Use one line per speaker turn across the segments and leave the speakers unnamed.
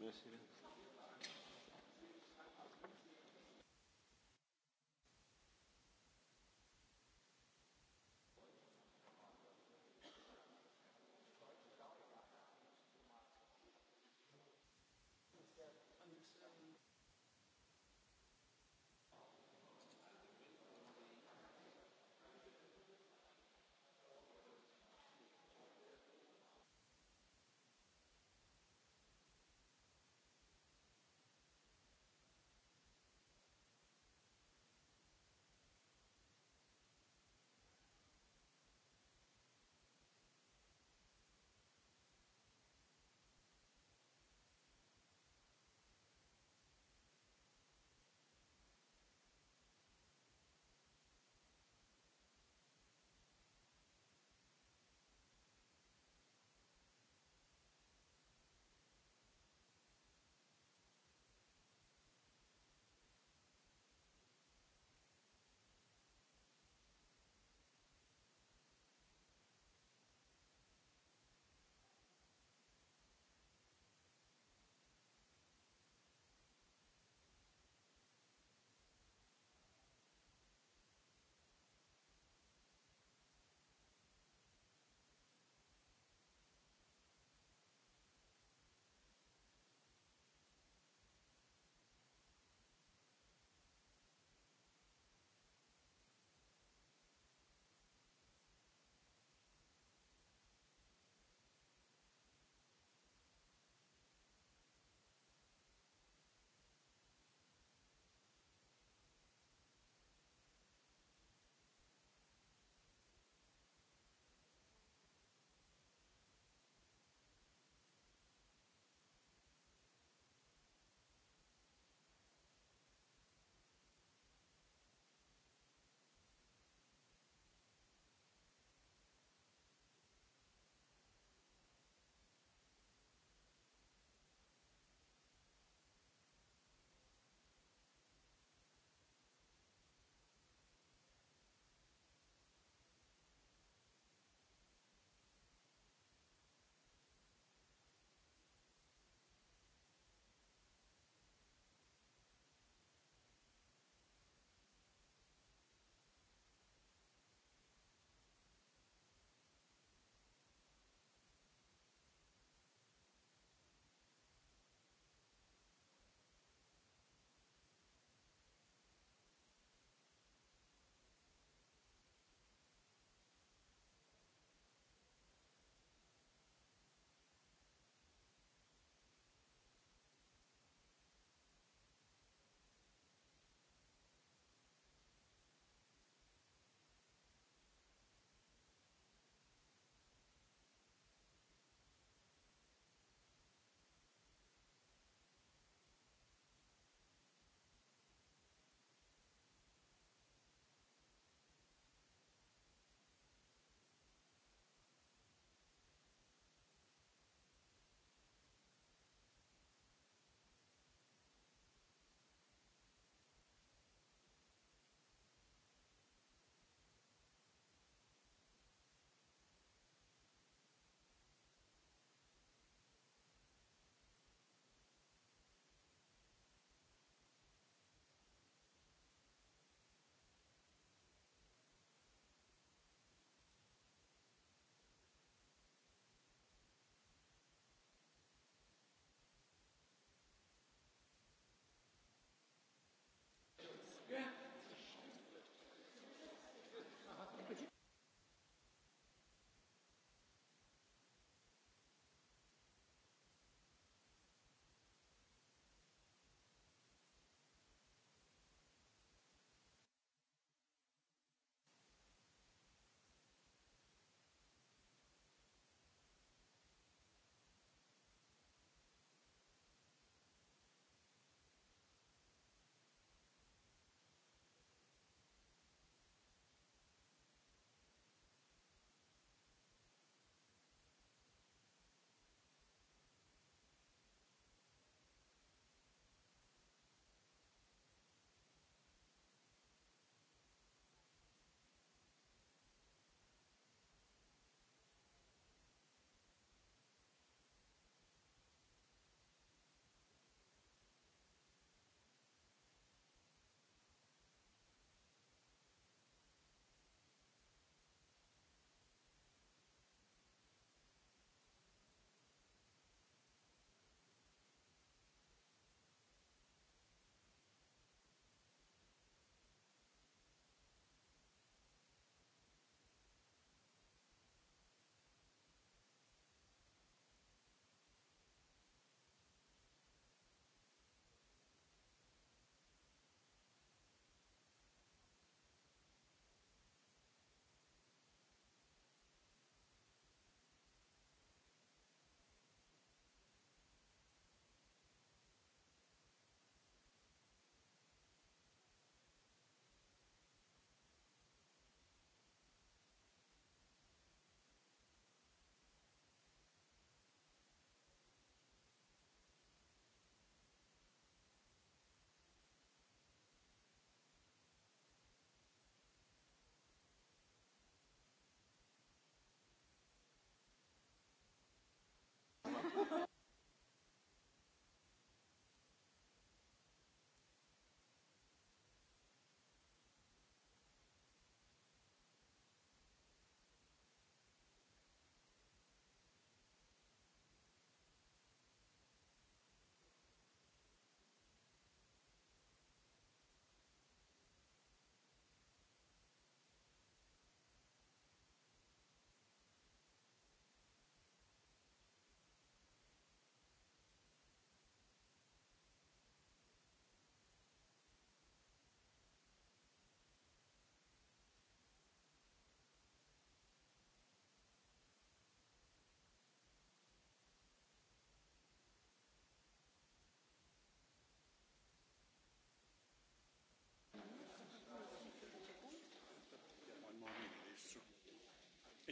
Merci.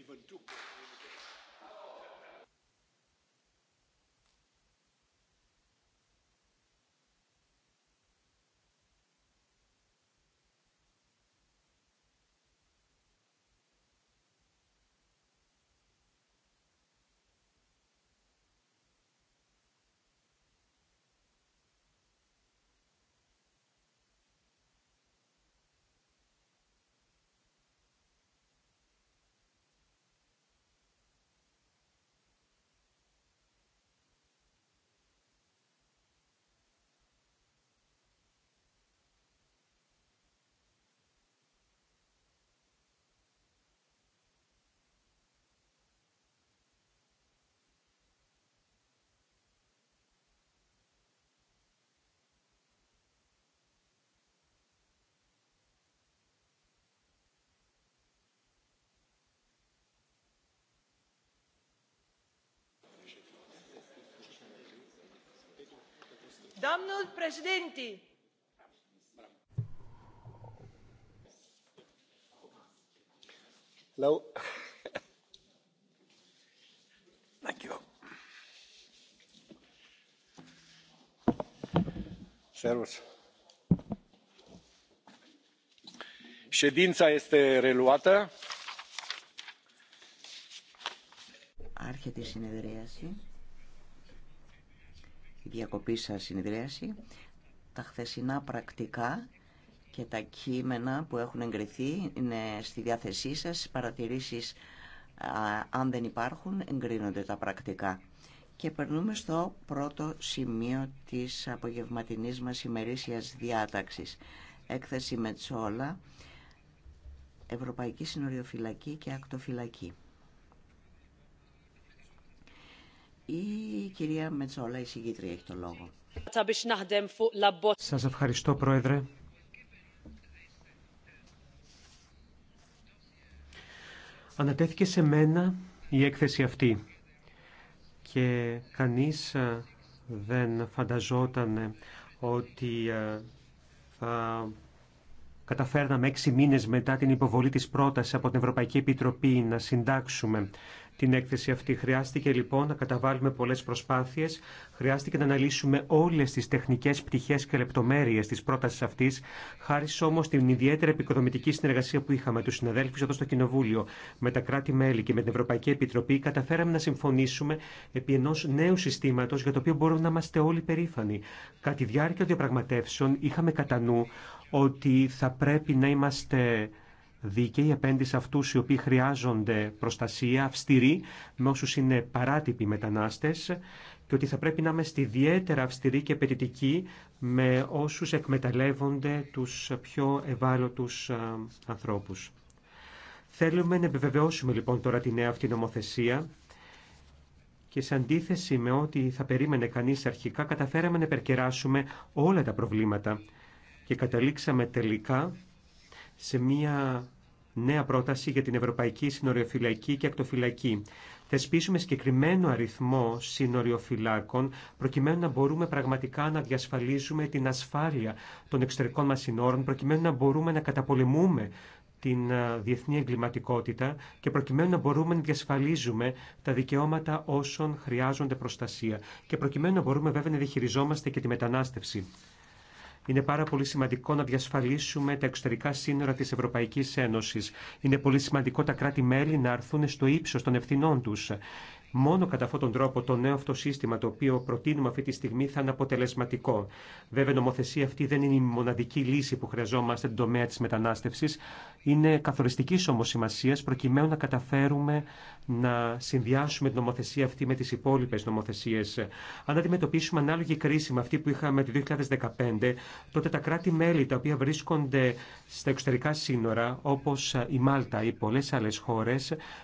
bonne tour. Domnul președinte.
Ședința este reluată
διακοπή σας συνεδρίαση, τα χθεσινά πρακτικά και τα κείμενα που έχουν εγκριθεί είναι στη διάθεσή σας. Παρατηρήσεις, αν δεν υπάρχουν, εγκρίνονται τα πρακτικά. Και περνούμε στο πρώτο σημείο της απογευματινής μας ημερήσιας διάταξης. Έκθεση Μετσόλα, Ευρωπαϊκή Συνοριοφυλακή και Ακτοφυλακή. Η κυρία Μετσόλα, η συγκητρια έχει το λόγο. Σας ευχαριστώ,
Πρόεδρε. Ανατέθηκε σε μένα η έκθεση αυτή και κανείς ε, δεν φανταζόταν ε, ότι ε, θα καταφέρναμε έξι μήνες μετά την υποβολή της πρότασης από την Ευρωπαϊκή Επιτροπή να συντάξουμε την έκθεση αυτή. Χρειάστηκε λοιπόν να καταβάλουμε πολλέ προσπάθειες, χρειάστηκε να αναλύσουμε όλε τι τεχνικέ πτυχέ και λεπτομέρειε τη πρόταση αυτή, χάρη όμω την ιδιαίτερη επικοδομητική συνεργασία που είχαμε του συναδέλφου εδώ στο Κοινοβούλιο, με τα κράτη-μέλη και με την Ευρωπαϊκή Επιτροπή, καταφέραμε να συμφωνήσουμε επί ενό νέου συστήματο για το οποίο μπορούμε να είμαστε όλοι περήφανοι. Κατά τη διάρκεια διαπραγματεύσεων είχαμε κατά νου ότι θα πρέπει να είμαστε δίκαιοι απέναντι σε αυτού οι οποίοι χρειάζονται προστασία, αυστηρή με όσου είναι παράτυποι μετανάστε και ότι θα πρέπει να είμαστε ιδιαίτερα αυστηροί και απαιτητικοί με όσους εκμεταλλεύονται τους πιο ευάλωτους ε, ανθρώπους. Θέλουμε να επιβεβαιώσουμε λοιπόν τώρα τη νέα αυτή νομοθεσία και σε αντίθεση με ό,τι θα περίμενε κανείς αρχικά καταφέραμε να επερκεράσουμε όλα τα προβλήματα και καταλήξαμε τελικά σε μια νέα πρόταση για την Ευρωπαϊκή Συνοριοφυλακή και Ακτοφυλακή. Θεσπίσουμε συγκεκριμένο αριθμό συνοριοφυλάκων προκειμένου να μπορούμε πραγματικά να διασφαλίζουμε την ασφάλεια των εξωτερικών μας συνόρων, προκειμένου να μπορούμε να καταπολεμούμε την διεθνή εγκληματικότητα και προκειμένου να μπορούμε να διασφαλίζουμε τα δικαιώματα όσων χρειάζονται προστασία και προκειμένου να μπορούμε βέβαια να διαχειριζόμαστε και τη μετανάστευση. Είναι πάρα πολύ σημαντικό να διασφαλίσουμε τα εξωτερικά σύνορα τη Ευρωπαϊκή Ένωση. Είναι πολύ σημαντικό τα κράτη-μέλη να έρθουν στο ύψο των ευθυνών του. Μόνο κατά αυτόν τον τρόπο το νέο αυτό σύστημα το οποίο προτείνουμε αυτή τη στιγμή θα είναι αποτελεσματικό. Βέβαια, η νομοθεσία αυτή δεν είναι η μοναδική λύση που χρειαζόμαστε στον τομέα τη μετανάστευση είναι καθοριστική όμω σημασία προκειμένου να καταφέρουμε να συνδυάσουμε την νομοθεσία αυτή με τι υπόλοιπε νομοθεσίε. Αν αντιμετωπίσουμε ανάλογη κρίση με αυτή που είχαμε το 2015, τότε τα κράτη-μέλη τα οποία βρίσκονται στα εξωτερικά σύνορα, όπω η Μάλτα ή πολλέ άλλε χώρε,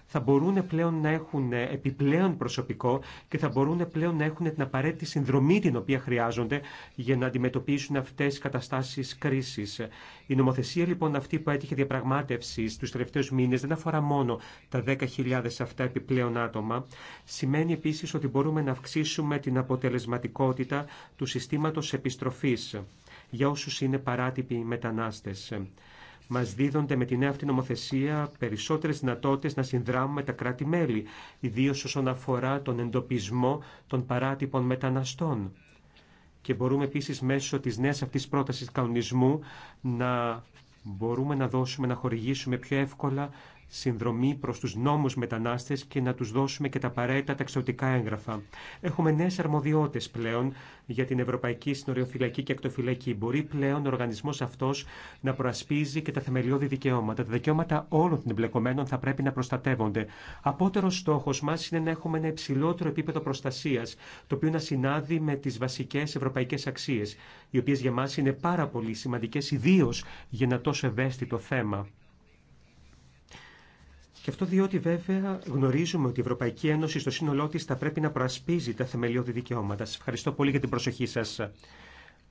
θα μπορούν πλέον να έχουν επιπλέον προσωπικό και θα μπορούν πλέον να έχουν την απαραίτητη συνδρομή την οποία χρειάζονται για να αντιμετωπίσουν αυτέ τι καταστάσει κρίση. Η νομοθεσία λοιπόν αυτή που έτυχε διαπραγματεύσει διαπραγμάτευση τους τελευταίους μήνες δεν αφορά μόνο τα 10.000 αυτά επιπλέον άτομα. Σημαίνει επίση ότι μπορούμε να αυξήσουμε την αποτελεσματικότητα του συστήματο επιστροφή για όσου είναι παράτυποι μετανάστε. Μα δίδονται με τη νέα αυτή νομοθεσία περισσότερε δυνατότητε να συνδράμουμε τα κράτη-μέλη, ιδίω όσον αφορά τον εντοπισμό των παράτυπων μεταναστών. Και μπορούμε επίση μέσω τη νέα αυτή πρόταση κανονισμού να μπορούμε να δώσουμε, να χορηγήσουμε πιο εύκολα συνδρομή προ του νόμου μετανάστε και να του δώσουμε και τα απαραίτητα ταξιωτικά έγγραφα. Έχουμε νέε αρμοδιότητες πλέον για την Ευρωπαϊκή Συνοριοφυλακή και Ακτοφυλακή. Μπορεί πλέον ο οργανισμό αυτό να προασπίζει και τα θεμελιώδη δικαιώματα. Τα δικαιώματα όλων των εμπλεκομένων θα πρέπει να προστατεύονται. Απότερο στόχο μα είναι να έχουμε ένα υψηλότερο επίπεδο προστασία, το οποίο να συνάδει με τι βασικέ ευρωπαϊκέ αξίε, οι οποίε για μα είναι πάρα πολύ σημαντικέ ιδίω για ένα τόσο ευαίσθητο θέμα. Και αυτό διότι βέβαια γνωρίζουμε ότι η Ευρωπαϊκή Ένωση στο σύνολό τη θα πρέπει να προασπίζει τα θεμελιώδη δικαιώματα. Σα ευχαριστώ πολύ για την προσοχή σα.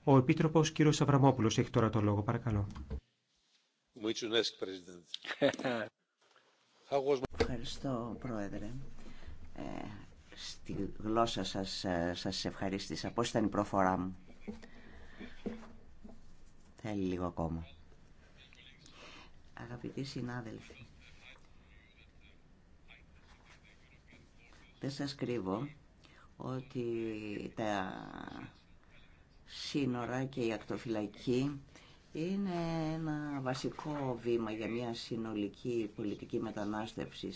Ο Επίτροπο κ. Σαβραμόπουλο έχει τώρα το λόγο. Παρακαλώ.
Ευχαριστώ, Πρόεδρε. Ε, στη γλώσσα σας ε, σας ευχαρίστησα. Πώς ήταν η προφορά μου. Θέλει λίγο ακόμα. Αγαπητοί συνάδελφοι, Δεν σας κρύβω ότι τα σύνορα και η ακτοφυλακή είναι ένα βασικό βήμα για μια συνολική πολιτική μετανάστευση.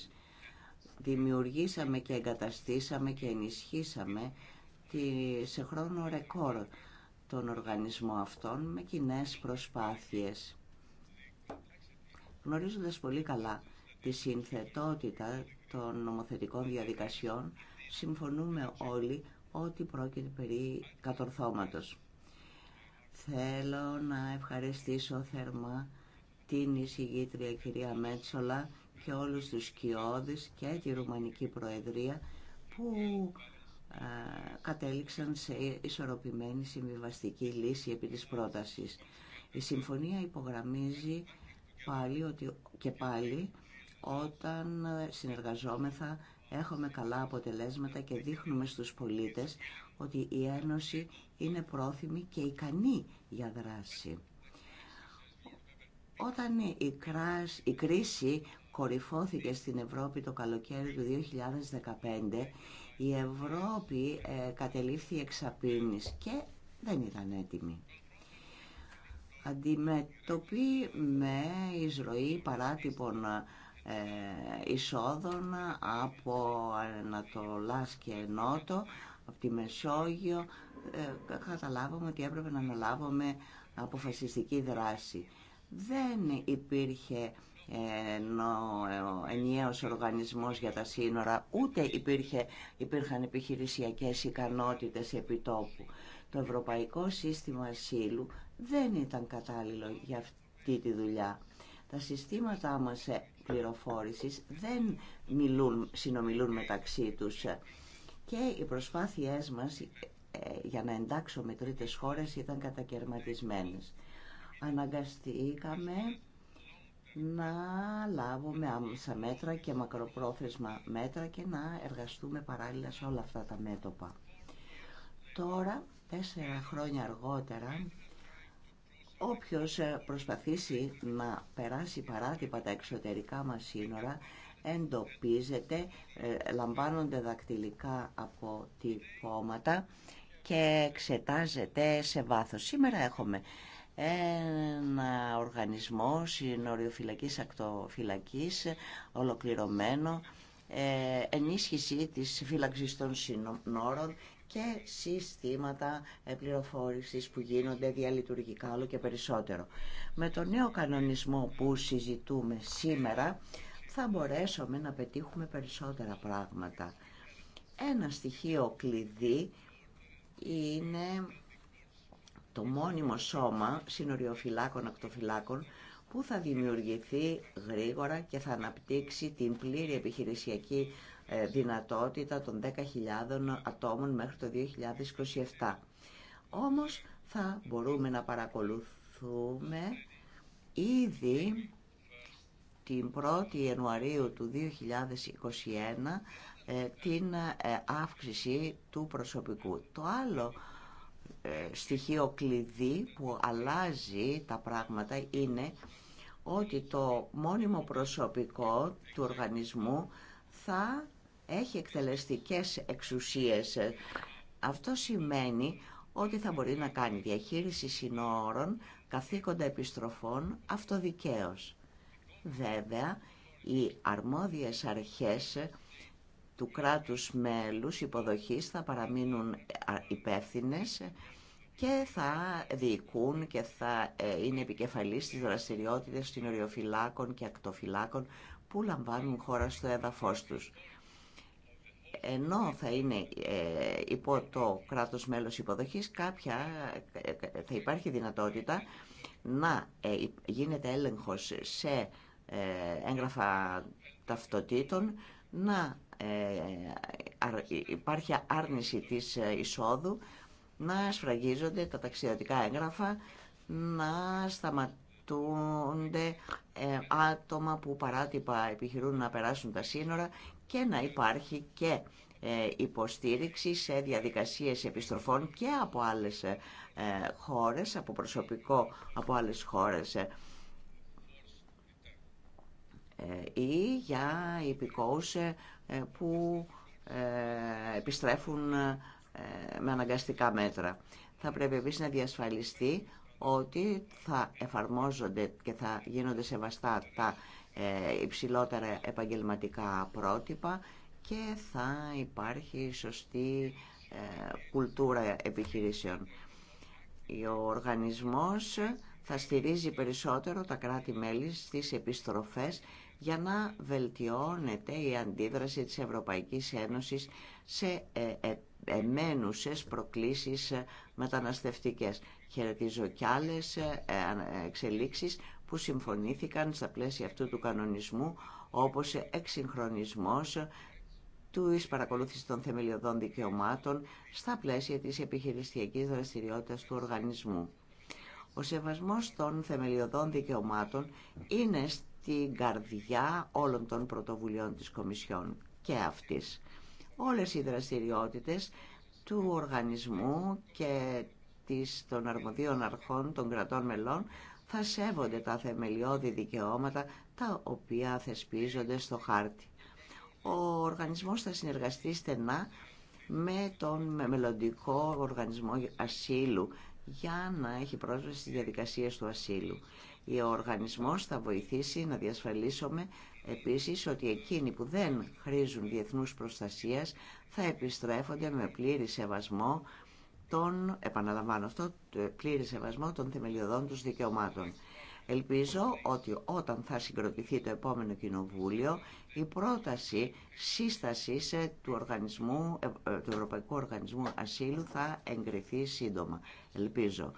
Δημιουργήσαμε και εγκαταστήσαμε και ενισχύσαμε σε χρόνο ρεκόρ τον οργανισμό αυτών με κοινέ προσπάθειες. Γνωρίζοντας πολύ καλά τη συνθετότητα των νομοθετικών διαδικασιών συμφωνούμε όλοι ότι πρόκειται περί κατορθώματος. Θέλω να ευχαριστήσω θερμά την εισηγήτρια κυρία Μέτσολα και όλους τους σκιώδεις και τη Ρουμανική Προεδρία που ε, κατέληξαν σε ισορροπημένη συμβιβαστική λύση επί της πρότασης. Η συμφωνία υπογραμμίζει πάλι ότι, και πάλι όταν συνεργαζόμεθα έχουμε καλά αποτελέσματα και δείχνουμε στους πολίτες ότι η Ένωση είναι πρόθυμη και ικανή για δράση. Όταν η, κρίση κορυφώθηκε στην Ευρώπη το καλοκαίρι του 2015, η Ευρώπη ε, κατελήφθη εξαπίνης και δεν ήταν έτοιμη. Αντιμετωπεί με εισρωή παράτυπων ε, εισόδων από Ανατολά και Νότο, από τη Μεσόγειο, ε, καταλάβαμε ότι έπρεπε να αναλάβουμε αποφασιστική δράση. Δεν υπήρχε ε, ενιαίος οργανισμός για τα σύνορα, ούτε υπήρχε, υπήρχαν επιχειρησιακές ικανότητες επιτόπου. Το Ευρωπαϊκό Σύστημα Ασύλου δεν ήταν κατάλληλο για αυτή τη δουλειά. Τα συστήματά μας πληροφόρησης δεν μιλούν, συνομιλούν μεταξύ τους και οι προσπάθειές μας ε, για να εντάξουμε τρίτες χώρες ήταν κατακαιρματισμένες. Αναγκαστήκαμε να λάβουμε άμεσα μέτρα και μακροπρόθεσμα μέτρα και να εργαστούμε παράλληλα σε όλα αυτά τα μέτωπα. Τώρα, τέσσερα χρόνια αργότερα, Όποιος ε, προσπαθήσει να περάσει παράτυπα τα εξωτερικά μας σύνορα εντοπίζεται, ε, λαμβάνονται δακτυλικά αποτυπώματα και εξετάζεται σε βάθος. Σήμερα έχουμε ένα οργανισμό συνοριοφυλακής ακτοφυλακής ολοκληρωμένο, ε, ενίσχυση της φύλαξης των συνόρων, και συστήματα πληροφόρηση που γίνονται διαλειτουργικά όλο και περισσότερο. Με τον νέο κανονισμό που συζητούμε σήμερα θα μπορέσουμε να πετύχουμε περισσότερα πράγματα. Ένα στοιχείο κλειδί είναι το μόνιμο σώμα συνοριοφυλάκων ακτοφυλάκων που θα δημιουργηθεί γρήγορα και θα αναπτύξει την πλήρη επιχειρησιακή ε, δυνατότητα των 10.000 ατόμων μέχρι το 2027. Όμως θα μπορούμε να παρακολουθούμε ήδη την 1η Ιανουαρίου του 2021 ε, την ε, αύξηση του προσωπικού. Το άλλο στοιχείο κλειδί που αλλάζει τα πράγματα είναι ότι το μόνιμο προσωπικό του οργανισμού θα έχει εκτελεστικές εξουσίες. Αυτό σημαίνει ότι θα μπορεί να κάνει διαχείριση συνόρων, καθήκοντα επιστροφών, αυτοδικαίως. Βέβαια, οι αρμόδιες αρχές του κράτους μέλους υποδοχής θα παραμείνουν υπεύθυνες και θα διοικούν και θα ε, είναι επικεφαλής στις δραστηριότητες των οριοφυλάκων και ακτοφυλάκων που λαμβάνουν χώρα στο έδαφος τους ενώ θα είναι ε, υπό το κράτος μέλος υποδοχής κάποια ε, ε, θα υπάρχει δυνατότητα να γίνεται έλεγχος σε έγγραφα ταυτοτήτων να υπάρχει άρνηση της εισόδου να σφραγίζονται τα ταξιδιωτικά έγγραφα να σταματούνται άτομα που παράτυπα επιχειρούν να περάσουν τα σύνορα και να υπάρχει και ε, υποστήριξη σε διαδικασίες επιστροφών και από άλλες ε, χώρες, από προσωπικό από άλλες χώρες ε, ή για υπηκόους που επιστρέφουν με αναγκαστικά μέτρα. Θα πρέπει επίσης να διασφαλιστεί ότι θα εφαρμόζονται και θα γίνονται σεβαστά τα ε, υψηλότερα επαγγελματικά πρότυπα και θα υπάρχει σωστή ε, κουλτούρα επιχειρήσεων. Ο οργανισμός θα στηρίζει περισσότερο τα κράτη-μέλη στις επιστροφές για να βελτιώνεται η αντίδραση της Ευρωπαϊκής Ένωσης σε ε, εμένουσες προκλήσεις μεταναστευτικές. Χαιρετίζω κι άλλες εξελίξεις που συμφωνήθηκαν στα πλαίσια αυτού του κανονισμού όπως εξυγχρονισμός του παρακολούθηση των θεμελιωδών δικαιωμάτων στα πλαίσια της επιχειρησιακής δραστηριότητας του οργανισμού. Ο σεβασμός των θεμελιωδών δικαιωμάτων είναι στην καρδιά όλων των πρωτοβουλειών της Κομισιόν και αυτής. Όλες οι δραστηριότητες του οργανισμού και των αρμοδίων αρχών των κρατών μελών θα σέβονται τα θεμελιώδη δικαιώματα τα οποία θεσπίζονται στο χάρτη. Ο οργανισμός θα συνεργαστεί στενά με τον μελλοντικό οργανισμό ασύλου για να έχει πρόσβαση στις διαδικασίες του ασύλου. Ο οργανισμός θα βοηθήσει να διασφαλίσουμε επίσης ότι εκείνοι που δεν χρήζουν διεθνούς προστασίας θα επιστρέφονται με πλήρη σεβασμό τον, επαναλαμβάνω αυτό, πλήρη σεβασμό των θεμελιωδών τους δικαιωμάτων. Ελπίζω ότι όταν θα συγκροτηθεί το επόμενο κοινοβούλιο, η πρόταση σύσταση ε, του, ε, ε, του Ευρωπαϊκού Οργανισμού Ασύλου θα εγκριθεί σύντομα. Ελπίζω.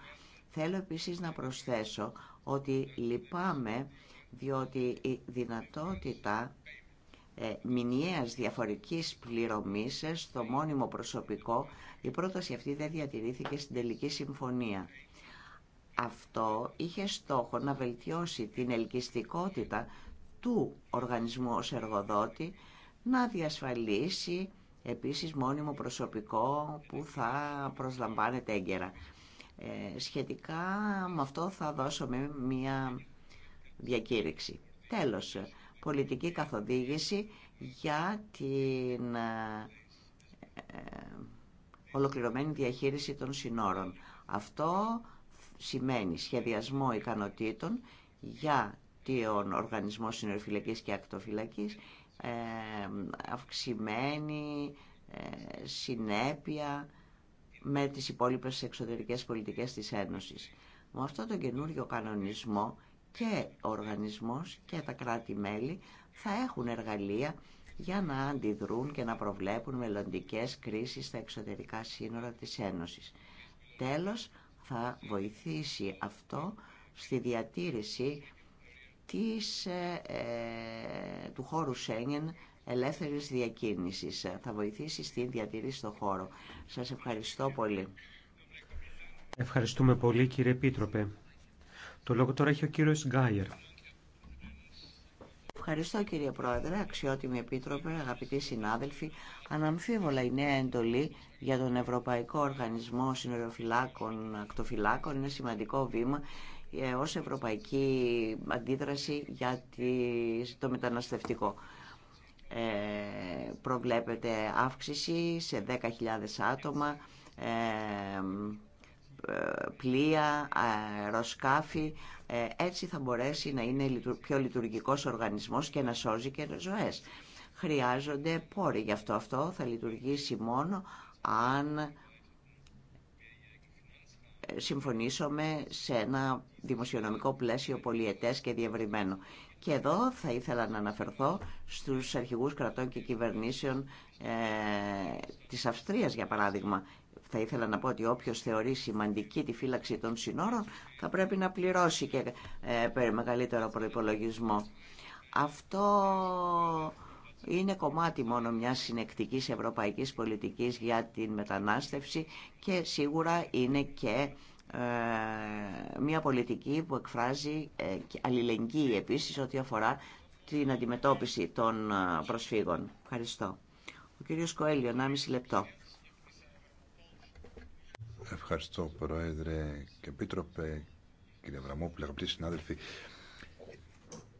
Θέλω επίσης να προσθέσω ότι λυπάμαι διότι η δυνατότητα ε, μηνιαίας διαφορικής πληρωμής στο μόνιμο προσωπικό, η πρόταση αυτή δεν διατηρήθηκε στην τελική συμφωνία. Αυτό είχε στόχο να βελτιώσει την ελκυστικότητα του οργανισμού ως εργοδότη, να διασφαλίσει επίσης μόνιμο προσωπικό που θα προσλαμβάνεται έγκαιρα. Ε, σχετικά με αυτό θα δώσω μια διακήρυξη. Τέλος, πολιτική καθοδήγηση για την ε, ε, ολοκληρωμένη διαχείριση των συνόρων. Αυτό σημαίνει σχεδιασμό ικανοτήτων για τον Οργανισμό Συνορφυλακής και Ακτοφυλακής, ε, αυξημένη συνέπεια με τις υπόλοιπες εξωτερικές πολιτικές της Ένωσης. Με αυτό τον καινούριο κανονισμό και ο οργανισμός και τα κράτη-μέλη θα έχουν εργαλεία για να αντιδρούν και να προβλέπουν μελλοντικές κρίσεις στα εξωτερικά σύνορα της Ένωσης. Τέλος, θα βοηθήσει αυτό στη διατήρηση της, ε, ε, του χώρου Σέγγεν ελεύθερης διακίνησης. Θα βοηθήσει στη διατήρηση του χώρου.
Σας ευχαριστώ πολύ. Ευχαριστούμε πολύ κύριε Πίτροπε. Το λόγο τώρα έχει ο κύριος Γκάιερ.
Ευχαριστώ κύριε Πρόεδρε, αξιότιμη επίτροπε, αγαπητοί συνάδελφοι. Αναμφίβολα η νέα εντολή για τον Ευρωπαϊκό Οργανισμό Συνοριοφυλάκων Ακτοφυλάκων είναι σημαντικό βήμα ε, ως ευρωπαϊκή αντίδραση για το μεταναστευτικό. Ε, προβλέπεται αύξηση σε 10.000 άτομα, ε, ε, πλοία, αεροσκάφη. Ε, έτσι θα μπορέσει να είναι πιο λειτουργικός οργανισμός και να σώζει και ζωές. Χρειάζονται πόροι. Γι' αυτό αυτό θα λειτουργήσει μόνο αν ε, συμφωνήσουμε σε ένα δημοσιονομικό πλαίσιο πολιετές και διευρυμένο. Και εδώ θα ήθελα να αναφερθώ στους αρχηγούς κρατών και κυβερνήσεων της Αυστρίας, για παράδειγμα, θα ήθελα να πω ότι όποιος θεωρεί σημαντική τη φύλαξη των συνόρων θα πρέπει να πληρώσει και ε, μεγαλύτερο προϋπολογισμό. Αυτό είναι κομμάτι μόνο μιας συνεκτικής ευρωπαϊκής πολιτικής για την μετανάστευση και σίγουρα είναι και ε, μια πολιτική που εκφράζει ε, αλληλεγγύη επίσης ό,τι αφορά την αντιμετώπιση των προσφύγων. Ευχαριστώ. Ο κύριος Κοέλιο, 1,5 λεπτό.
Ευχαριστώ Πρόεδρε και Επίτροπε, κύριε Βραμόπουλε, αγαπητοί συνάδελφοι.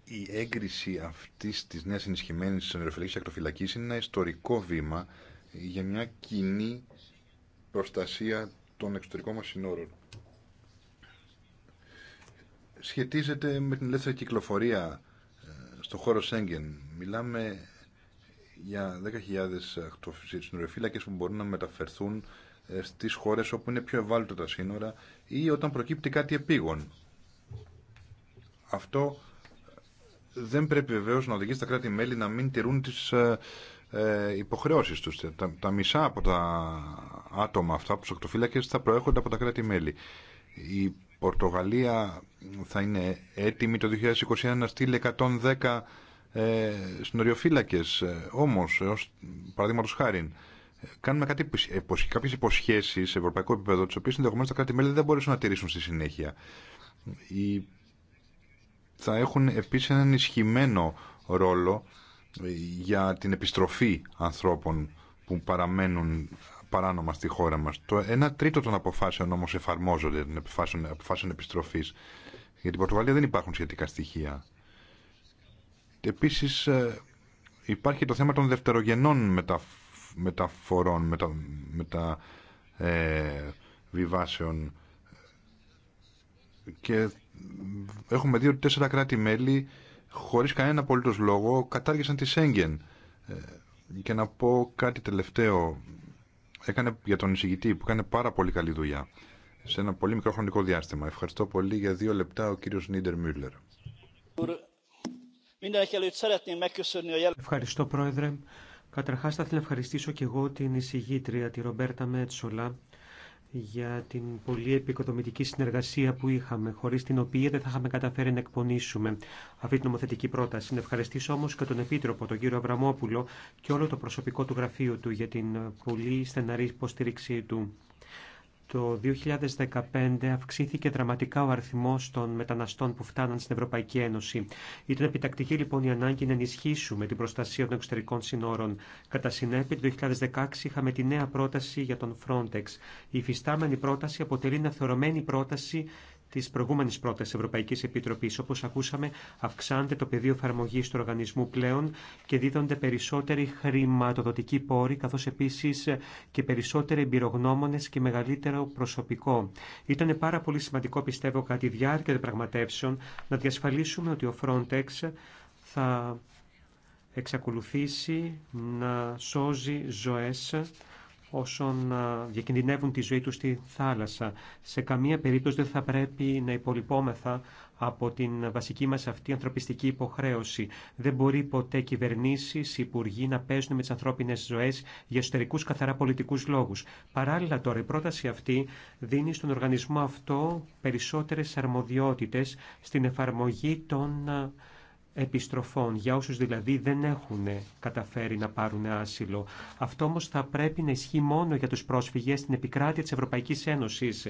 Η έγκριση αυτής της νέας ενισχυμένη τη και είναι ένα ιστορικό βήμα για μια κοινή προστασία των εξωτερικών μας συνόρων. Σχετίζεται με την ελεύθερη κυκλοφορία ε, στο χώρο Σέγγεν. Μιλάμε για 10.000 ακτοφυλακές που μπορούν να μεταφερθούν ε, στις χώρες όπου είναι πιο ευάλωτα τα σύνορα ή όταν προκύπτει κάτι επίγον. Αυτό δεν πρέπει βεβαίως να οδηγεί στα κράτη-μέλη να μην τηρούν τις ε, ε, υποχρεώσεις τους. Τα, τα, μισά από τα άτομα αυτά, από τους οκτωφύλακες, θα προέρχονται από τα κράτη-μέλη. Η Πορτογαλία θα είναι έτοιμη το 2021 να στείλει 110 ε, συνοριοφύλακες. Ε, όμως, παραδείγματος χάρη, κάνουμε κάτι, κάποιες υποσχέσεις σε ευρωπαϊκό επίπεδο, τις οποίες ενδεχομένω τα κράτη-μέλη δεν μπορέσουν να τηρήσουν στη συνέχεια. Οι... Θα έχουν επίσης έναν ισχυμένο ρόλο ε, για την επιστροφή ανθρώπων που παραμένουν παράνομα στη χώρα μας. Το ένα τρίτο των αποφάσεων όμως εφαρμόζονται, των αποφάσεων, αποφάσεων επιστροφής. Για την Πορτογαλία δεν υπάρχουν σχετικά στοιχεία. Επίσης ε, υπάρχει το θέμα των δευτερογενών μεταφορών μεταφορών, μετα, μετα ε, βιβάσεων και έχουμε δει ότι τέσσερα κράτη-μέλη χωρίς κανένα απολύτως λόγο κατάργησαν τη Σέγγεν. Ε, και να πω κάτι τελευταίο έκανε για τον εισηγητή που έκανε πάρα πολύ καλή δουλειά σε ένα πολύ μικρό χρονικό διάστημα. Ευχαριστώ πολύ για δύο λεπτά ο κύριος Νίντερ Μιούλερ.
Ευχαριστώ Πρόεδρε. Καταρχάς θα ήθελα να ευχαριστήσω και εγώ την εισηγήτρια, τη Ρομπέρτα Μέτσολα, για την πολύ επικοδομητική συνεργασία που είχαμε, χωρίς την οποία δεν θα είχαμε καταφέρει να εκπονήσουμε αυτή την νομοθετική πρόταση. Να ευχαριστήσω όμως και τον Επίτροπο, τον κύριο Αβραμόπουλο, και όλο το προσωπικό του γραφείου του για την πολύ στεναρή υποστήριξή του. Το 2015 αυξήθηκε δραματικά ο αριθμός των μεταναστών που φτάναν στην Ευρωπαϊκή Ένωση. Ήταν επιτακτική λοιπόν η ανάγκη να ενισχύσουμε την προστασία των εξωτερικών συνόρων. Κατά συνέπεια, το 2016 είχαμε τη νέα πρόταση για τον Frontex. Η υφιστάμενη πρόταση αποτελεί μια θεωρωμένη πρόταση τη προηγούμενη πρώτη Ευρωπαϊκή Επιτροπή. Όπω ακούσαμε, αυξάνεται το πεδίο εφαρμογή του οργανισμού πλέον και δίδονται περισσότεροι χρηματοδοτικοί πόροι, καθώ επίση και περισσότεροι εμπειρογνώμονε και μεγαλύτερο προσωπικό. Ήταν πάρα πολύ σημαντικό, πιστεύω, κατά τη διάρκεια των πραγματεύσεων να διασφαλίσουμε ότι ο Frontex θα εξακολουθήσει να σώζει ζωές όσων διακινδυνεύουν τη ζωή τους στη θάλασσα. Σε καμία περίπτωση δεν θα πρέπει να υπολοιπόμεθα από την βασική μας αυτή ανθρωπιστική υποχρέωση. Δεν μπορεί ποτέ κυβερνήσεις, υπουργοί να παίζουν με τις ανθρώπινες ζωές για εσωτερικούς καθαρά πολιτικούς λόγους. Παράλληλα τώρα η πρόταση αυτή δίνει στον οργανισμό αυτό περισσότερες αρμοδιότητες στην εφαρμογή των επιστροφών, για όσους δηλαδή δεν έχουν καταφέρει να πάρουν άσυλο. Αυτό όμως θα πρέπει να ισχύει μόνο για τους πρόσφυγες στην επικράτεια της Ευρωπαϊκής Ένωσης.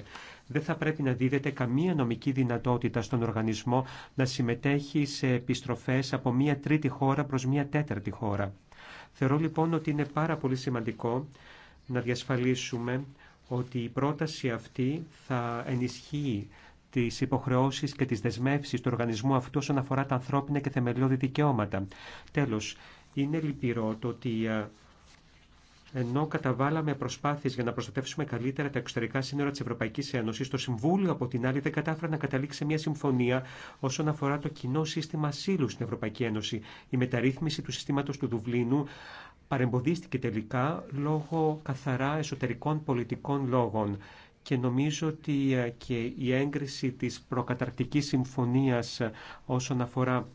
Δεν θα πρέπει να δίδεται καμία νομική δυνατότητα στον οργανισμό να συμμετέχει σε επιστροφές από μία τρίτη χώρα προς μία τέταρτη χώρα. Θεωρώ λοιπόν ότι είναι πάρα πολύ σημαντικό να διασφαλίσουμε ότι η πρόταση αυτή θα ενισχύει τι υποχρεώσει και τι δεσμεύσει του οργανισμού αυτού όσον αφορά τα ανθρώπινα και θεμελιώδη δικαιώματα. Τέλο, είναι λυπηρό το ότι ε, ενώ καταβάλαμε προσπάθειε για να προστατεύσουμε καλύτερα τα εξωτερικά σύνορα τη Ευρωπαϊκή Ένωση, το Συμβούλιο από την άλλη δεν κατάφερε να καταλήξει μια συμφωνία όσον αφορά το κοινό σύστημα ασύλου στην Ευρωπαϊκή Ένωση. Η μεταρρύθμιση του συστήματο του Δουβλίνου παρεμποδίστηκε τελικά λόγω καθαρά εσωτερικών πολιτικών λόγων και νομίζω ότι ε, και η έγκριση της προκαταρκτικής συμφωνίας ε, όσον αφορά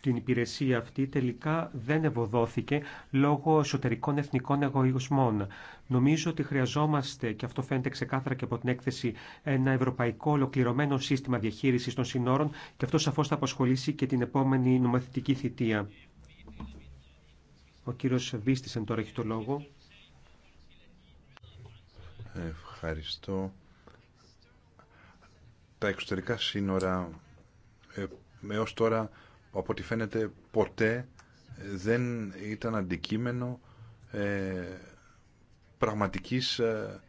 την υπηρεσία αυτή τελικά δεν ευωδόθηκε λόγω εσωτερικών εθνικών εγωισμών. Νομίζω ότι χρειαζόμαστε, και αυτό φαίνεται ξεκάθαρα και από την έκθεση, ένα ευρωπαϊκό ολοκληρωμένο σύστημα διαχείρισης των συνόρων και αυτό σαφώς θα αποσχολήσει και την επόμενη νομοθετική θητεία. Ο κύριος Βίστησεν τώρα έχει το λόγο.
Ευχαριστώ. Τα εξωτερικά σύνορα ε, έως τώρα, από ό,τι φαίνεται, ποτέ δεν ήταν αντικείμενο ε, πραγματικής ε,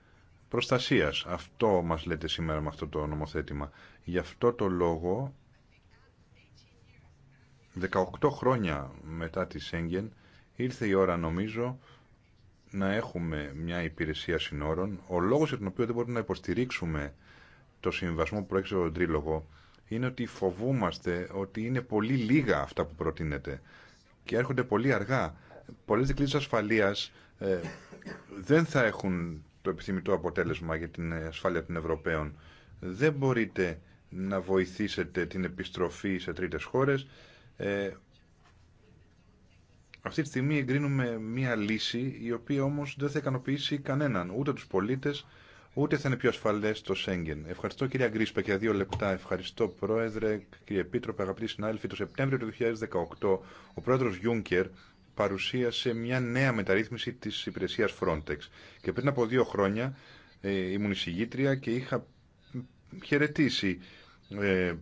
προστασίας. Αυτό μας λέτε σήμερα με αυτό το νομοθέτημα. Γι' αυτό το λόγο, 18 χρόνια μετά τη Σέγγεν, ήρθε η ώρα νομίζω να έχουμε μια υπηρεσία συνόρων. Ο λόγος για τον οποίο δεν μπορούμε να υποστηρίξουμε το συμβασμό που προέκυψε από τον Τρίλογο είναι ότι φοβούμαστε ότι είναι πολύ λίγα αυτά που προτείνεται και έρχονται πολύ αργά. Πολλές δικλείδες ασφαλείας ε, δεν θα έχουν το επιθυμητό αποτέλεσμα για την ασφάλεια των Ευρωπαίων. Δεν μπορείτε να βοηθήσετε την επιστροφή σε τρίτες χώρες. Ε, αυτή τη στιγμή εγκρίνουμε μία λύση η οποία όμως δεν θα ικανοποιήσει κανέναν, ούτε τους πολίτες, ούτε θα είναι πιο ασφαλές το Σέγγεν. Ευχαριστώ κυρία Γκρίσπα για δύο λεπτά. Ευχαριστώ πρόεδρε, κύριε Επίτροπε, αγαπητοί συνάδελφοι. Το Σεπτέμβριο του 2018 ο πρόεδρος Γιούνκερ παρουσίασε μια νέα μεταρρύθμιση της υπηρεσίας Frontex. Και πριν από δύο χρόνια ε, ήμουν εισηγήτρια και είχα χαιρετήσει ε,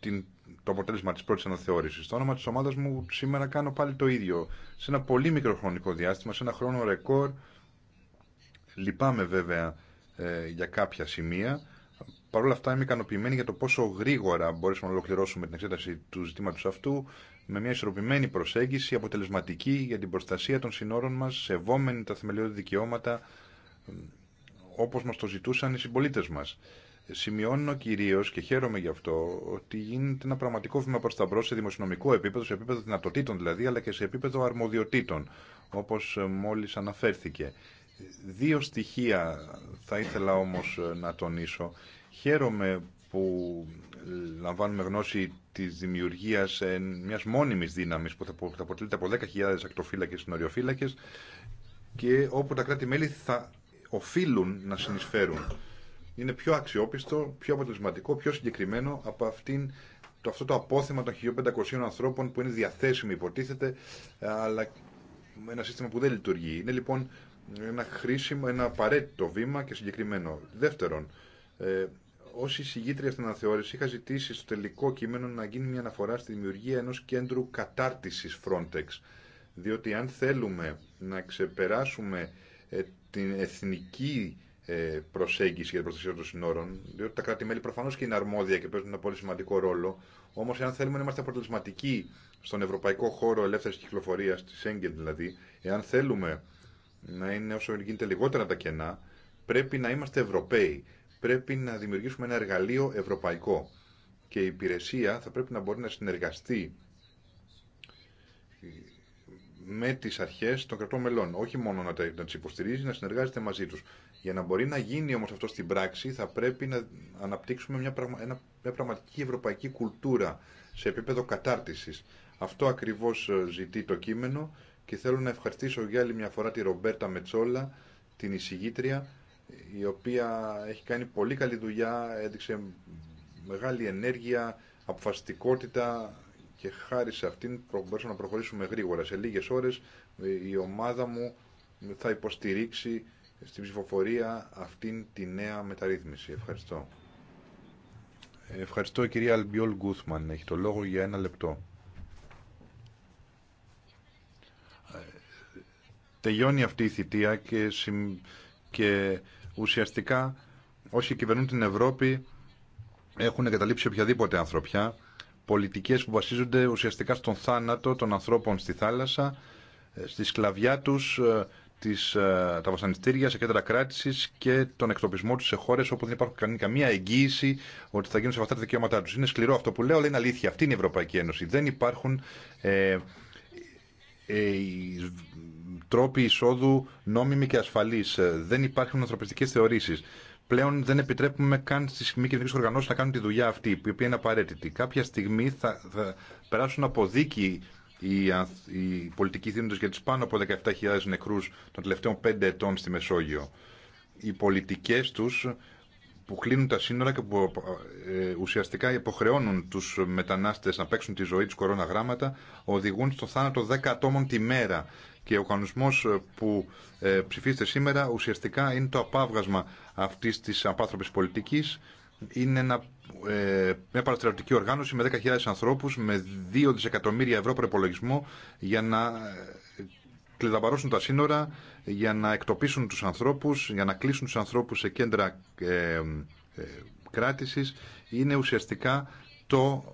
την το αποτέλεσμα τη πρώτη αναθεώρηση. Στο όνομα τη ομάδα μου σήμερα κάνω πάλι το ίδιο. Σε ένα πολύ μικροχρονικό διάστημα, σε ένα χρόνο ρεκόρ. Λυπάμαι βέβαια ε, για κάποια σημεία. Παρ' όλα αυτά είμαι ικανοποιημένη για το πόσο γρήγορα μπορέσαμε να ολοκληρώσουμε την εξέταση του ζητήματο αυτού με μια ισορροπημένη προσέγγιση, αποτελεσματική για την προστασία των συνόρων μα, σεβόμενη τα θεμελιώδη δικαιώματα όπω μα το ζητούσαν οι συμπολίτε μα. Σημειώνω κυρίω και χαίρομαι γι' αυτό ότι γίνεται ένα πραγματικό βήμα προ τα μπρο σε δημοσιονομικό επίπεδο, σε επίπεδο δυνατοτήτων δηλαδή, αλλά και σε επίπεδο αρμοδιοτήτων, όπω μόλι αναφέρθηκε. Δύο στοιχεία θα ήθελα όμω να τονίσω. Χαίρομαι που λαμβάνουμε γνώση τη δημιουργία μια μόνιμη δύναμη που θα αποτελείται από 10.000 ακτοφύλακε και νοριοφύλακε και όπου τα κράτη-μέλη θα οφείλουν να συνεισφέρουν είναι πιο αξιόπιστο, πιο αποτελεσματικό, πιο συγκεκριμένο από αυτήν, το, αυτό το απόθεμα των 1500 ανθρώπων που είναι διαθέσιμο υποτίθεται, αλλά με ένα σύστημα που δεν λειτουργεί. Είναι λοιπόν ένα χρήσιμο, ένα απαραίτητο βήμα και συγκεκριμένο. Δεύτερον, ε, ω εισηγήτρια στην αναθεώρηση, είχα ζητήσει στο τελικό κείμενο να γίνει μια αναφορά στη δημιουργία ενό κέντρου κατάρτιση Frontex. Διότι αν θέλουμε να ξεπεράσουμε ε, την εθνική ε, προσέγγιση για την προστασία των συνόρων, διότι τα κράτη-μέλη προφανώ και είναι αρμόδια και παίζουν ένα πολύ σημαντικό ρόλο. Όμω, εάν θέλουμε να είμαστε αποτελεσματικοί στον ευρωπαϊκό χώρο ελεύθερη κυκλοφορία, τη Σέγγεν δηλαδή, εάν θέλουμε να είναι όσο γίνεται λιγότερα τα κενά, πρέπει να είμαστε Ευρωπαίοι. Πρέπει να δημιουργήσουμε ένα εργαλείο ευρωπαϊκό. Και η υπηρεσία θα πρέπει να μπορεί να συνεργαστεί με τι αρχέ των κρατών μελών. Όχι μόνο να τι υποστηρίζει, να συνεργάζεται μαζί του. Για να μπορεί να γίνει όμως αυτό στην πράξη θα πρέπει να αναπτύξουμε μια, μια πραγματική ευρωπαϊκή κουλτούρα σε επίπεδο κατάρτισης. Αυτό ακριβώς ε, ζητεί το κείμενο και θέλω να ευχαριστήσω για άλλη μια φορά τη Ρομπέρτα Μετσόλα, την εισηγήτρια, η οποία έχει κάνει πολύ καλή δουλειά, έδειξε μεγάλη ενέργεια, αποφασιστικότητα και χάρη σε αυτήν μπορούσαμε να προχωρήσουμε γρήγορα. Σε λίγες ώρες ε, η ομάδα μου θα υποστηρίξει στην ψηφοφορία αυτήν τη νέα μεταρρύθμιση. Ευχαριστώ. Ευχαριστώ κυρία Αλμπιόλ Γκούθμαν. Έχει το λόγο για ένα λεπτό. Τελειώνει αυτή η θητεία και, και ουσιαστικά όσοι κυβερνούν την Ευρώπη έχουν εγκαταλείψει οποιαδήποτε ανθρωπιά. Πολιτικές που βασίζονται ουσιαστικά στον θάνατο των ανθρώπων στη θάλασσα, ε, στη σκλαβιά τους, ε, τις, ε, τα βασανιστήρια σε κέντρα κράτηση και τον εκτοπισμό του σε χώρε όπου δεν υπάρχουν καμία εγγύηση ότι θα γίνουν σε αυτά τα δικαιώματά του. Είναι σκληρό αυτό που λέω, αλλά είναι αλήθεια. Αυτή είναι η Ευρωπαϊκή Ένωση. Δεν υπάρχουν ε, ε, τρόποι εισόδου νόμιμοι και ασφαλεί. Ε, δεν υπάρχουν ανθρωπιστικέ θεωρήσει. Πλέον δεν επιτρέπουμε καν στι μη οργανώσεις οργανώσει να κάνουν τη δουλειά αυτή, η οποία είναι απαραίτητη. Κάποια στιγμή θα, θα περάσουν από δίκη οι πολιτικοί θύμητος για τις πάνω από 17.000 νεκρούς των τελευταίων 5 ετών στη Μεσόγειο. Οι πολιτικές τους που κλείνουν τα σύνορα και που ε, ουσιαστικά υποχρεώνουν τους μετανάστες να παίξουν τη ζωή τους κοροναγράμματα οδηγούν στο θάνατο 10 ατόμων τη μέρα και ο κανονισμός που ε, ψηφίστε σήμερα ουσιαστικά είναι το απάβγασμα αυτής της απάνθρωπης πολιτικής είναι ένα, ε, μια παραστρατιωτική οργάνωση με 10.000 ανθρώπους με 2 δισεκατομμύρια ευρώ προπολογισμό για να ε, κλειδαμπαρώσουν τα σύνορα, για να εκτοπίσουν τους ανθρώπους, για να κλείσουν τους ανθρώπους σε κέντρα ε, ε κράτησης. Είναι ουσιαστικά το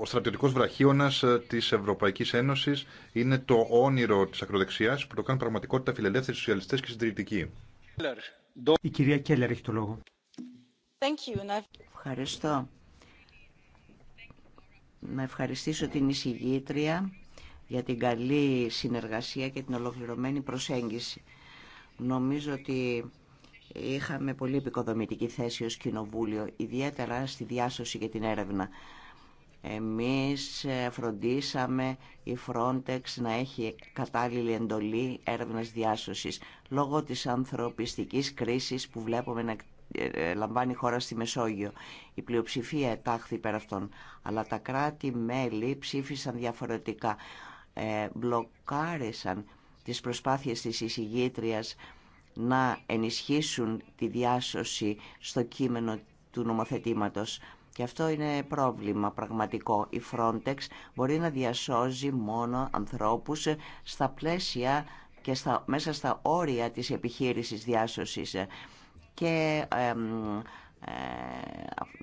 ο στρατιωτικός βραχίωνας της Ευρωπαϊκής Ένωσης είναι το όνειρο της ακροδεξιάς που το κάνουν πραγματικότητα φιλελεύθεροι
σοσιαλιστές και συντηρητικοί. Η κυρία Κέλλερ έχει το λόγο.
Ευχαριστώ. Να ευχαριστήσω την εισηγήτρια για την καλή συνεργασία και την ολοκληρωμένη προσέγγιση. Νομίζω ότι είχαμε πολύ επικοδομητική θέση ως Κοινοβούλιο, ιδιαίτερα στη διάσωση και την έρευνα. Εμείς φροντίσαμε η Frontex να έχει κατάλληλη εντολή έρευνας διάσωσης λόγω της ανθρωπιστικής κρίσης που βλέπουμε να ε, ε, λαμβάνει η χώρα στη Μεσόγειο. Η πλειοψηφία ετάχθη υπέρ αυτών. Αλλά τα κράτη-μέλη ψήφισαν διαφορετικά. Ε, μπλοκάρισαν τις προσπάθειες της εισηγήτριας να ενισχύσουν τη διάσωση στο κείμενο του νομοθετήματος. Και αυτό είναι πρόβλημα πραγματικό. Η Frontex μπορεί να διασώζει μόνο ανθρώπους στα πλαίσια και στα, μέσα στα όρια της επιχείρησης διάσωσης και ε,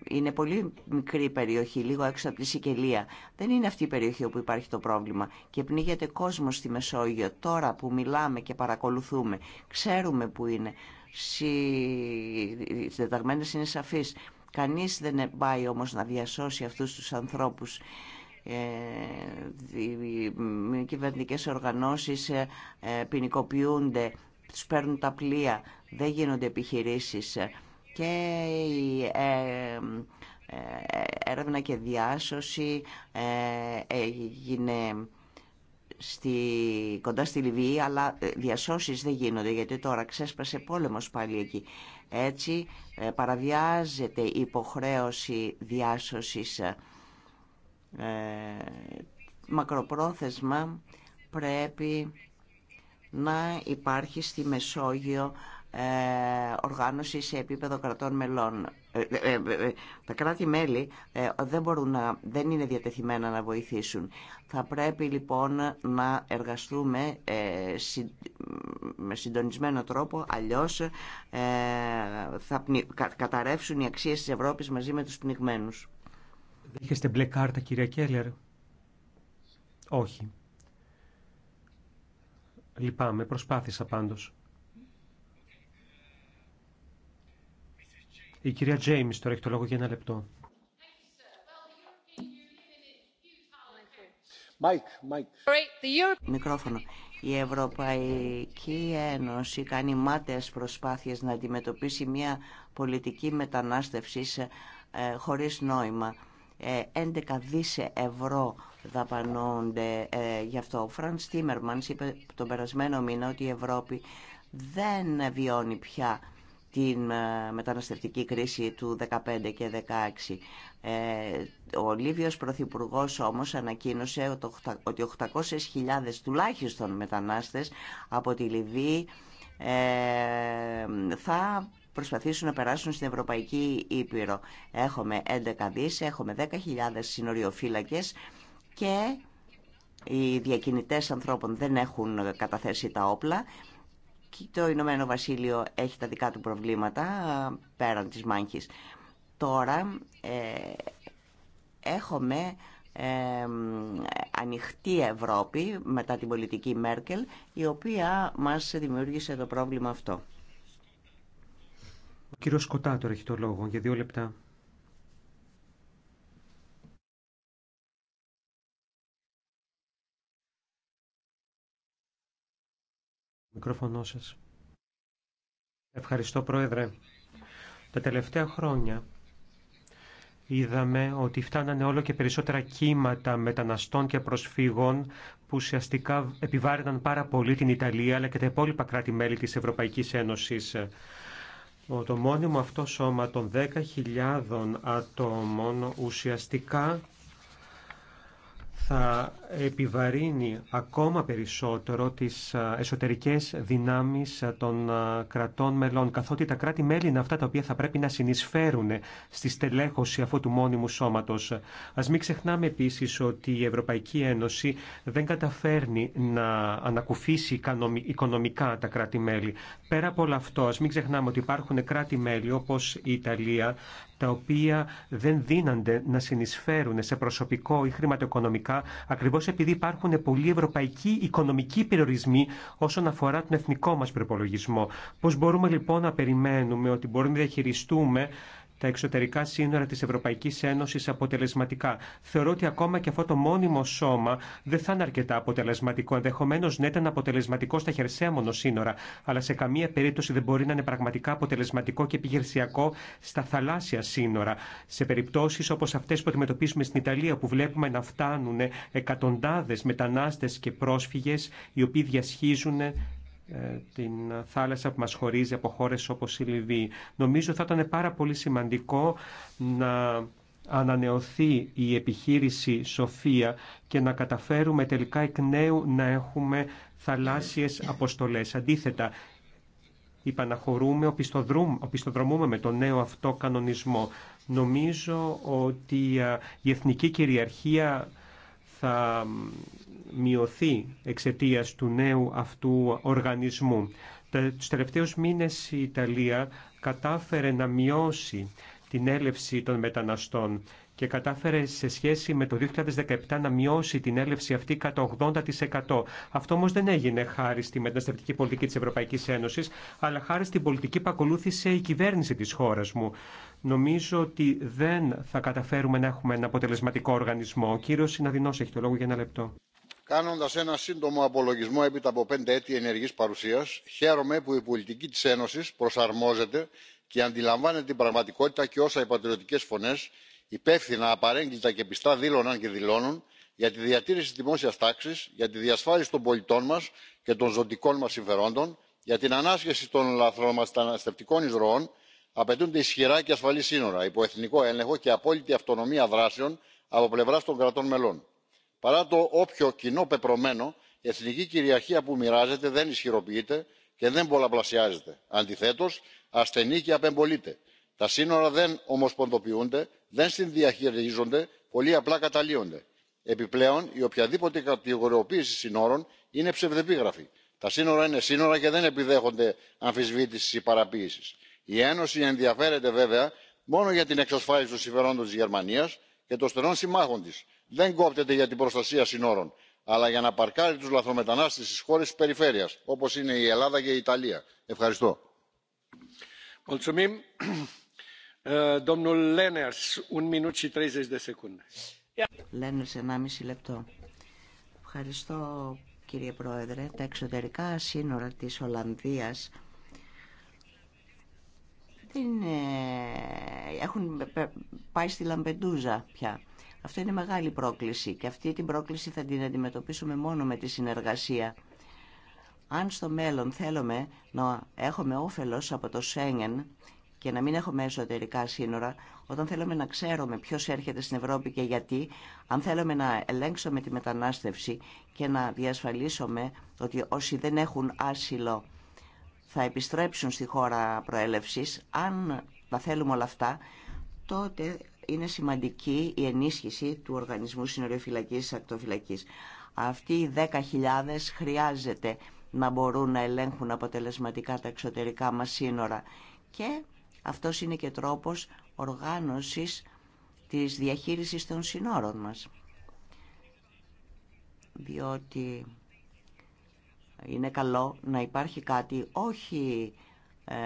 είναι πολύ μικρή περιοχή, λίγο έξω από τη Σικελία. Δεν είναι αυτή η περιοχή όπου υπάρχει το πρόβλημα. Και πνίγεται κόσμος στη Μεσόγειο. Τώρα που μιλάμε και παρακολουθούμε, ξέρουμε που είναι. Συ... Οι δεδαγμένες είναι σαφείς. Κανείς δεν πάει όμως να διασώσει αυτούς τους ανθρώπους. Οι ε, κυβερνητικές οργανώσεις ε, ποινικοποιούνται, τους παίρνουν τα πλοία, δεν γίνονται επιχειρήσεις και η ε, ε, έρευνα και διάσωση ε, έγινε στη, κοντά στη Λιβύη, αλλά διασώσεις δεν γίνονται, γιατί τώρα ξέσπασε πόλεμος πάλι εκεί. Έτσι παραβιάζεται η υποχρέωση διάσωσης ε, μακροπρόθεσμα πρέπει να υπάρχει στη Μεσόγειο ε, οργάνωση σε επίπεδο κρατών μελών. Ε, ε, τα κράτη-μέλη δεν, να, δεν είναι διατεθειμένα να βοηθήσουν. Θα πρέπει λοιπόν να εργαστούμε με συντονισμένο τρόπο, αλλιώς θα καταρρεύσουν οι αξίες της Ευρώπης μαζί με τους πνιγμένους.
Δέχεστε μπλε κάρτα κυρία Κέλλερ. Όχι. Λυπάμαι, προσπάθησα πάντως. Η κυρία Τζέιμις τώρα έχει το λόγο για ένα λεπτό.
Μικρόφωνο. Η Ευρωπαϊκή Ένωση κάνει μάταιες προσπάθειες να αντιμετωπίσει μια πολιτική μετανάστευση ε, χωρίς νόημα. 11 ε, δις ευρώ δαπανώνται ε, γι' αυτό. Ο Φραντς Τίμερμανς είπε τον περασμένο μήνα ότι η Ευρώπη δεν βιώνει πια την ε, μεταναστευτική κρίση του 2015 και 2016. Ε, ο Λίβιος Πρωθυπουργό όμως ανακοίνωσε ότι 800.000 τουλάχιστον μετανάστες από τη Λιβύη ε, θα προσπαθήσουν να περάσουν στην Ευρωπαϊκή Ήπειρο. Έχουμε 11 δις, έχουμε 10.000 συνοριοφύλακες και οι διακινητές ανθρώπων δεν έχουν καταθέσει τα όπλα το Ηνωμένο Βασίλειο έχει τα δικά του προβλήματα πέραν της μάχης. Τώρα ε, έχουμε ανοιχτή Ευρώπη μετά την πολιτική Μέρκελ η οποία μας δημιούργησε το πρόβλημα αυτό.
Ο κύριος έχει το λόγο για δύο λεπτά. Ευχαριστώ, Πρόεδρε. Τα τελευταία χρόνια είδαμε ότι φτάνανε όλο και περισσότερα κύματα μεταναστών και προσφύγων που ουσιαστικά επιβάρυναν πάρα πολύ την Ιταλία αλλά και τα υπόλοιπα κράτη-μέλη της Ευρωπαϊκής Ένωσης. Το μόνιμο αυτό σώμα των 10.000 ατόμων ουσιαστικά θα επιβαρύνει ακόμα περισσότερο τις εσωτερικές δυνάμεις των κρατών μελών, καθότι τα κράτη-μέλη είναι αυτά τα οποία θα πρέπει να συνεισφέρουν στη στελέχωση αυτού του μόνιμου σώματος. Ας μην ξεχνάμε επίσης ότι η Ευρωπαϊκή Ένωση δεν καταφέρνει να ανακουφίσει οικονομικά τα κράτη-μέλη. Πέρα από όλο αυτό, ας μην ξεχνάμε ότι υπάρχουν κράτη-μέλη όπως η Ιταλία, τα οποία δεν δίνανται να συνεισφέρουν σε προσωπικό ή χρηματοοικονομικά ακριβώ ακριβώ επειδή υπάρχουν πολλοί ευρωπαϊκοί οικονομικοί περιορισμοί όσον αφορά τον εθνικό μα προπολογισμό. Πώ μπορούμε λοιπόν να περιμένουμε ότι μπορούμε να διαχειριστούμε τα εξωτερικά σύνορα τη Ευρωπαϊκή Ένωση αποτελεσματικά. Θεωρώ ότι ακόμα και αυτό το μόνιμο σώμα δεν θα είναι αρκετά αποτελεσματικό. Ενδεχομένω να ήταν αποτελεσματικό στα χερσαία μόνο αλλά σε καμία περίπτωση δεν μπορεί να είναι πραγματικά αποτελεσματικό και επιχειρησιακό στα θαλάσσια σύνορα. Σε περιπτώσει όπω αυτέ που αντιμετωπίσουμε στην Ιταλία, που βλέπουμε να φτάνουν εκατοντάδε μετανάστε και πρόσφυγε οι οποίοι διασχίζουν ε, την θάλασσα που μας χωρίζει από χώρες όπως η Λιβύη. Νομίζω θα ήταν πάρα πολύ σημαντικό να ανανεωθεί η επιχείρηση Σοφία και να καταφέρουμε τελικά εκ νέου να έχουμε θαλάσσιες αποστολές. Αντίθετα, υπαναχωρούμε, οπισθοδρομούμε με τον νέο αυτό κανονισμό. Νομίζω ότι ε, η εθνική κυριαρχία θα μειωθεί εξαιτία του νέου αυτού οργανισμού. Του τελευταίου μήνε η Ιταλία κατάφερε να μειώσει την έλευση των μεταναστών και κατάφερε σε σχέση με το 2017 να μειώσει την έλευση αυτή κατά 80%. Αυτό όμω δεν έγινε χάρη στη μεταναστευτική πολιτική τη Ευρωπαϊκή Ένωση, αλλά χάρη στην πολιτική που ακολούθησε η κυβέρνηση τη χώρα μου. Νομίζω ότι δεν θα καταφέρουμε να έχουμε ένα αποτελεσματικό οργανισμό. Ο κύριο Συναδεινό έχει το λόγο για ένα λεπτό
κάνοντας ένα σύντομο απολογισμό έπειτα από πέντε έτη ενεργής παρουσίας χαίρομαι που η πολιτική της ένωσης προσαρμόζεται και αντιλαμβάνεται την πραγματικότητα και όσα οι πατριωτικές φωνές υπεύθυνα απαρέγκλιτα και πιστά δήλωναν και δηλώνουν για τη διατήρηση της δημόσιας τάξης για τη διασφάλιση των πολιτών μας και των ζωτικών μας συμφερόντων για την ανάσχεση των λαθρομεταναστευτικών εισρωών απαιτούνται ισχυρά και ασφαλή σύνορα υπό εθνικό έλεγχο και απόλυτη αυτονομία δράσεων από πλευρά των κρατών μελών παρά το όποιο κοινό πεπρωμένο η εθνική κυριαρχία που μοιράζεται δεν ισχυροποιείται και δεν πολλαπλασιάζεται. αντιθέτω ασθενεί και απεμπολείται. τα σύνορα δεν ομοσπονδοποιούνται δεν συνδιαχειρίζονται πολύ απλά καταλύονται. επιπλέον η οποιαδήποτε κατηγοριοποίηση συνόρων είναι ψευδεπίγραφη. τα σύνορα είναι σύνορα και δεν επιδέχονται αμφισβήτηση ή παραποίηση. η ένωση ενδιαφέρεται βέβαια μόνο για την εξασφάλιση των συμφερόντων τη Γερμανία και των στενών συμμάχων δεν κόπτεται για την προστασία συνόρων αλλά για να παρκάρει τους λαθρομετανάστες στις χώρες της περιφέρειας όπως είναι η ελλάδα και η ιταλία. ευχαριστώ. Λένερς,
ε, λεπτό. Ευχαριστώ κύριε Πρόεδρε. Τα εξωτερικά σύνορα της Ολλανδίας ε, έχουν πάει στη Λαμπεντούζα πια. Αυτό είναι μεγάλη πρόκληση και αυτή την πρόκληση θα την αντιμετωπίσουμε μόνο με τη συνεργασία. Αν στο μέλλον θέλουμε να έχουμε όφελος από το Σέγγεν και να μην έχουμε εσωτερικά σύνορα, όταν θέλουμε να ξέρουμε ποιο έρχεται στην Ευρώπη και γιατί, αν θέλουμε να ελέγξουμε τη μετανάστευση και να διασφαλίσουμε ότι όσοι δεν έχουν άσυλο θα επιστρέψουν στη χώρα προέλευσης, αν τα θέλουμε όλα αυτά, τότε είναι σημαντική η ενίσχυση του Οργανισμού Συνοριοφυλακής Ακτοφυλακής. Αυτοί οι 10.000 χρειάζεται να μπορούν να ελέγχουν αποτελεσματικά τα εξωτερικά μας σύνορα και αυτός είναι και τρόπος οργάνωσης της διαχείρισης των σύνορων μας. Διότι είναι καλό να υπάρχει κάτι όχι ε,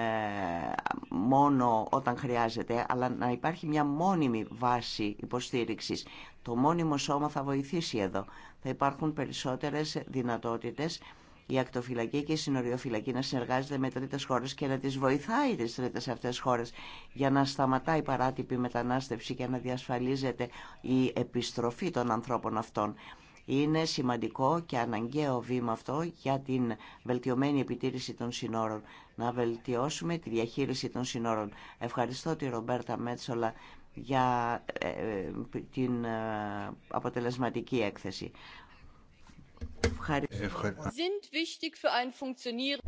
μόνο όταν χρειάζεται, αλλά να υπάρχει μια μόνιμη βάση υποστήριξης. Το μόνιμο σώμα θα βοηθήσει εδώ. Θα υπάρχουν περισσότερες δυνατότητες η ακτοφυλακή και η συνοριοφυλακή να συνεργάζεται με τρίτες χώρες και να τις βοηθάει τις τρίτες αυτές χώρες για να σταματάει η παράτυπη μετανάστευση και να διασφαλίζεται η επιστροφή των ανθρώπων αυτών. Είναι σημαντικό και αναγκαίο βήμα αυτό για την βελτιωμένη επιτήρηση των συνόρων. Να βελτιώσουμε τη διαχείριση των συνόρων. Ευχαριστώ τη Ρομπέρτα Μέτσολα για ε, ε, την ε, αποτελεσματική έκθεση.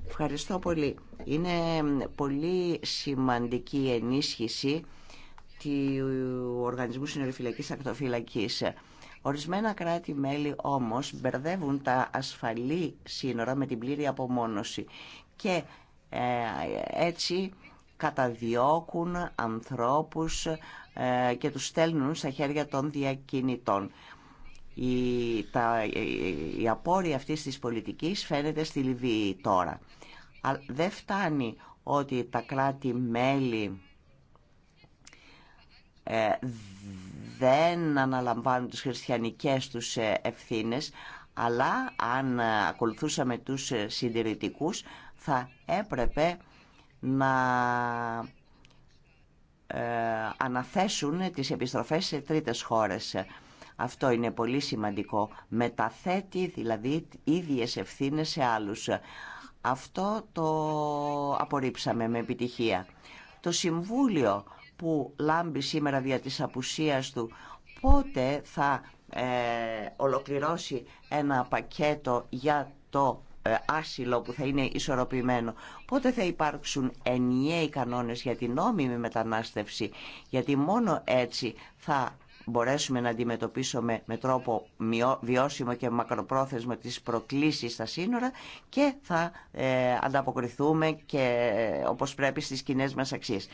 Ευχαριστώ πολύ. Είναι πολύ σημαντική ενίσχυση του Οργανισμού Συνοριοφυλακής Ακτοφυλακής. Ορισμένα κράτη-μέλη όμως μπερδεύουν τα ασφαλή σύνορα με την πλήρη απομόνωση και ε, έτσι καταδιώκουν ανθρώπους ε, και τους στέλνουν στα χέρια των διακινητών. Η, τα, η, απόρρια αυτής της πολιτικής φαίνεται στη Λιβύη τώρα. Δεν φτάνει ότι τα κράτη-μέλη ε, δεν αναλαμβάνουν τις χριστιανικές τους ε, ευθύνες, αλλά αν ε, ακολουθούσαμε τους ε, συντηρητικούς θα έπρεπε να αναθέσουν τις επιστροφές σε τρίτες χώρες. Αυτό είναι πολύ σημαντικό. Μεταθέτει δηλαδή ίδιες ευθύνες σε άλλους. Αυτό το απορρίψαμε με επιτυχία. Το Συμβούλιο που λάμπει σήμερα δια της απουσίας του πότε θα ε, ολοκληρώσει ένα πακέτο για το ε, άσυλο που θα είναι ισορροπημένο. Πότε θα υπάρξουν ενιαίοι κανόνες για την νόμιμη μετανάστευση, γιατί μόνο έτσι θα μπορέσουμε να αντιμετωπίσουμε με τρόπο βιώσιμο και μακροπρόθεσμο τις προκλήσεις στα σύνορα και θα ε, ανταποκριθούμε και όπως πρέπει στις κοινέ μας αξίες.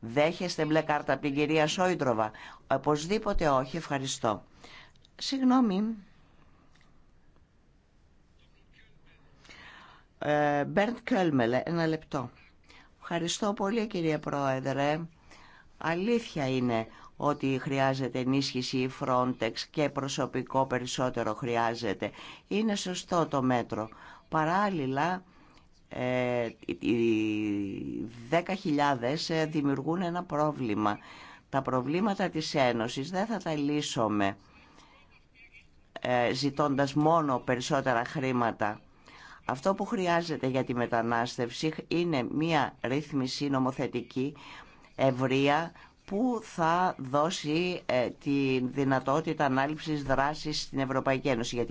Δέχεστε μπλε κάρτα από την κυρία Σόιντροβα. Οπωσδήποτε όχι, ευχαριστώ. Συγγνώμη. Ε, Μπέρντ Κέλμελε, ένα λεπτό. Ευχαριστώ πολύ κυρία Πρόεδρε. Αλήθεια είναι ότι χρειάζεται ενίσχυση η Frontex και προσωπικό περισσότερο χρειάζεται. Είναι σωστό το μέτρο. Παράλληλα ε, οι 10.000 ε, δημιουργούν ένα πρόβλημα. Τα προβλήματα της Ένωσης δεν θα τα λύσουμε ε, ζητώντας μόνο περισσότερα χρήματα. Αυτό που χρειάζεται για τη μετανάστευση είναι μία ρύθμιση νομοθετική ευρεία που θα δώσει τη δυνατότητα ανάληψης δράσης στην Ευρωπαϊκή Ένωση.